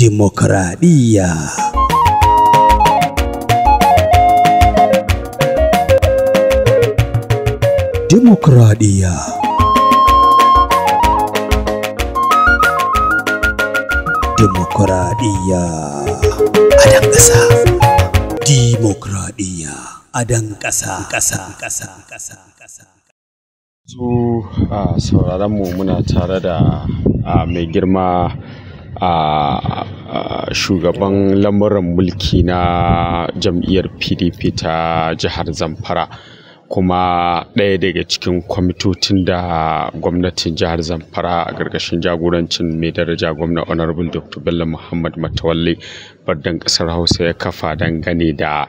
dimokuraɗiyya. Dimokuraɗiyya Dimokuraɗiyya a dan ƙasa. Dimokuraɗiyya a dan ƙasa. ƙasa, ƙasa, ƙasa, ƙasa. Su a sauraronmu muna tare da mai girma a shugaban lamuran mulki na jam'iyyar pdp ta jihar zamfara kuma ɗaya daga cikin kwamitocin da gwamnatin jihar zamfara a ƙarƙashin jagorancin mai daraja gwamna honorable dr bello muhammad matawalle bardan ƙasar hausa ya kafa dangane da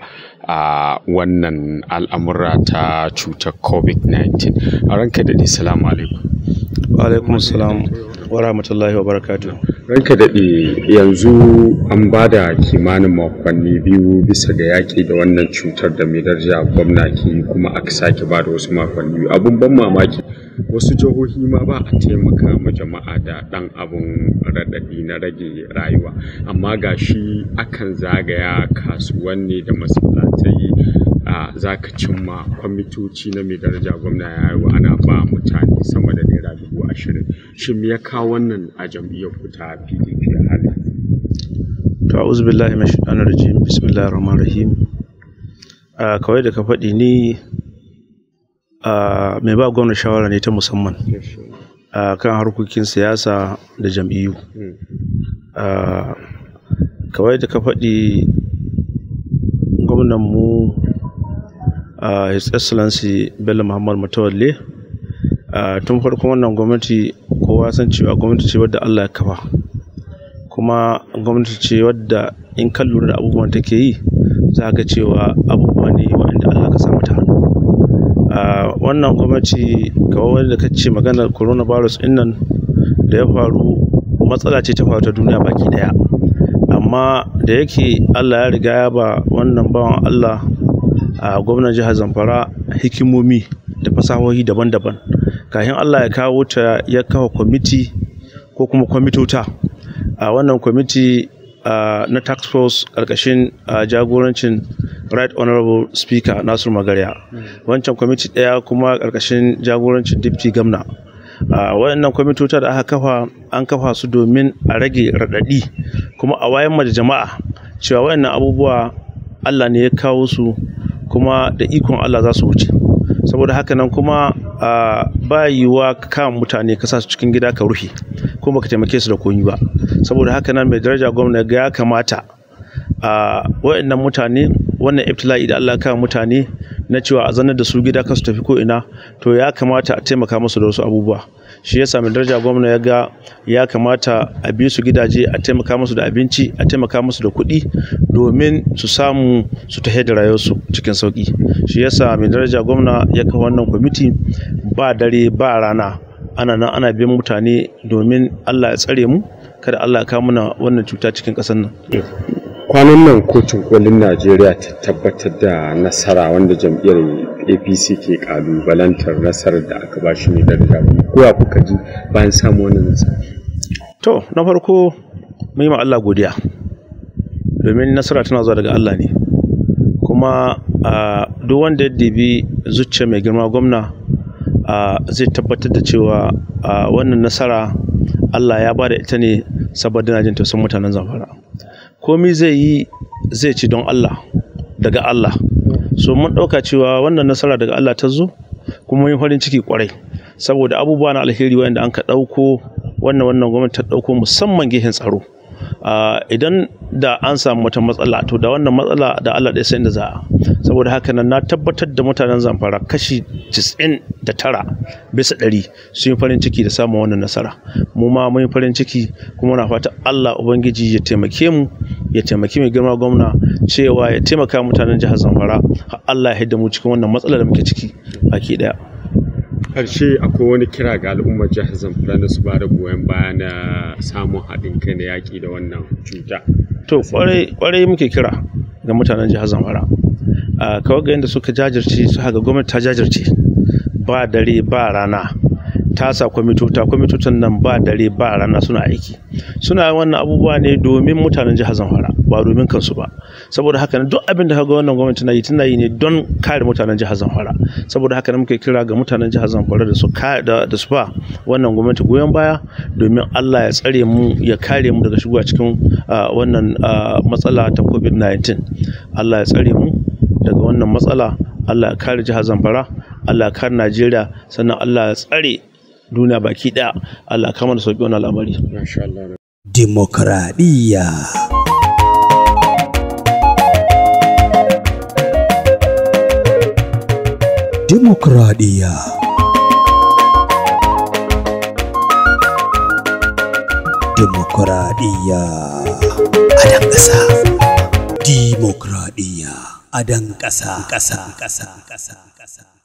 a wannan al'amura ta cutar covid-19 a ranka da salamu alaikum wa alaikum wa rahmatullahi wa barakatuh ranka daɗe yanzu an ba da kimanin makonni biyu bisa ga yaƙi da wannan cutar da mai daraja gwamna ke kuma aka sake ba da wasu makonni abun ban mamaki wasu jihohi ma ba a taimaka ma jama'a da ɗan abun raɗaɗi na rage rayuwa amma ga shi akan zagaya kasuwanni da masallatai Zaka za ka cimma kwamitoci na mai daraja gwamna ya yi ana ba mutane sama da naira dubu ashirin shin me ya kawo wannan a jam'iyyar ku ta pdp a halin to a'udhu billahi minash shaitanir rajim bismillahir rahmanir rahim a kawai da ka faɗi ni a mai ba gwamna shawara ne ta musamman a kan harkokin siyasa da jam'iyyu kawai da ka faɗi gwamnan mu uh, his excellency bello muhammad mutawalle uh, tun farko wannan gwamnati kowa san cewa gwamnati ce wadda allah ya kafa kuma gwamnati ce wadda in kan lura da abubuwan take yi za ga cewa abubuwa ne waɗanda allah ka samu ta hannu uh, wannan gwamnati kawai wanda ka ce maganar coronavirus ɗin nan da ya faru matsala ce ta faru ta duniya baki daya amma da yake allah ya riga ya ba wannan bawan allah gwamnan jihar zamfara hikimomi da fasahohi daban-daban kayan allah ya kawo ta ya kawo kwamiti ko kuma kwamitota a wannan kwamiti na tax force ƙarƙashin jagorancin right honorable speaker nasiru magarya hmm. wancan kwamiti ɗaya kuma ƙarƙashin jagorancin deputy gamna a waɗannan kwamitota da aka kafa an kafa su domin a rage raɗaɗi kuma a wayan da jama'a cewa wayannan abubuwa Allah ne ya kawo su kuma da ikon Allah za su wuce saboda haka nan kuma ba yiwuwa ka mutane kasa su cikin gida ka rufe kuma ka taimake su da komi ba saboda haka nan mai daraja gwamna ga ya kamata a wa'annan mutane wannan iftila'i da Allah kawo mutane na cewa a zanar da su gida ka su tafi ko ina to ya kamata a taimaka musu da wasu abubuwa shi yasa mai daraja gwamna ya ga ya kamata a bi su gidaje a taimaka musu da abinci a taimaka musu da kuɗi domin su samu su ta da rayuwarsu cikin sauƙi shi yasa mai daraja gwamna ya kawo wannan kwamiti ba dare ba rana ana nan ana bin mutane domin allah ya tsare mu kada allah ya kawo mana wannan cuta cikin ƙasar nan kwanan nan kotun kolin najeriya ta tabbatar da nasara wanda jam'iyyar apc ke kalubalantar nasarar da aka ba shi mai daraja ya kuka ji bayan samu wannan to na farko mai ma Allah godiya domin nasara tana zuwa daga Allah ne kuma duk wanda ya dibi zuciya mai girma gwamna zai tabbatar da cewa wannan nasara Allah ya ba da ita ne saboda jin tausayin mutanen zamfara komi zai yi zai ci don Allah daga Allah so mun ɗauka cewa wannan nasara daga Allah ta zo kuma yin farin ciki kwarai saboda abubuwa na alheri wanda an ka ɗauko wannan wannan gwamnati ta ɗauko musamman gehen tsaro idan da an samu wata matsala to da wannan matsala da Allah ɗaya sai da za saboda haka nan na tabbatar da mutanen zamfara kashi 99 bisa ɗari sun yi farin ciki da samun wannan nasara mu ma mun farin ciki kuma na fata Allah ubangiji ya taimake mu ya taimaki mai girma gwamna cewa ya taimaka mutanen jihar zamfara allah ya mu cikin wannan matsalar da muke ciki baki daya karshe akwai wani kira ga al'ummar jihar zamfara na su bada goyon baya na samun haɗin kai na yaƙi da wannan cuta to kwarai muke kira ga mutanen jihar zamfara ah, kawai ga yadda suka jajirce su ga gwamnati ta jajirce ba dare ba rana tasa sa kwamitota kwamitotan nan ba dare ba rana suna aiki suna wannan abubuwa ne domin mutanen jihar zamfara ba domin kansu ba saboda haka ne duk abin da kaga wannan gwamnati na yi tana yi ne don kare mutanen jihar zamfara saboda haka ne muke kira ga mutanen jihar zamfara da su da su ba wannan gwamnati goyon baya domin Allah ya tsare mu ya kare mu daga shigowa cikin wannan matsala ta covid-19 Allah ya tsare mu daga wannan matsala Allah ya kare jihar zamfara Allah ya kare Najeriya sannan Allah ya tsare duniya baki ɗaya Allah kamar da sauƙi wani al'amari demokradiyya demokradiyya demokradiyya a dan ƙasa demokradiyya a dan ƙasa ƙasa ƙasa ƙasa ƙasa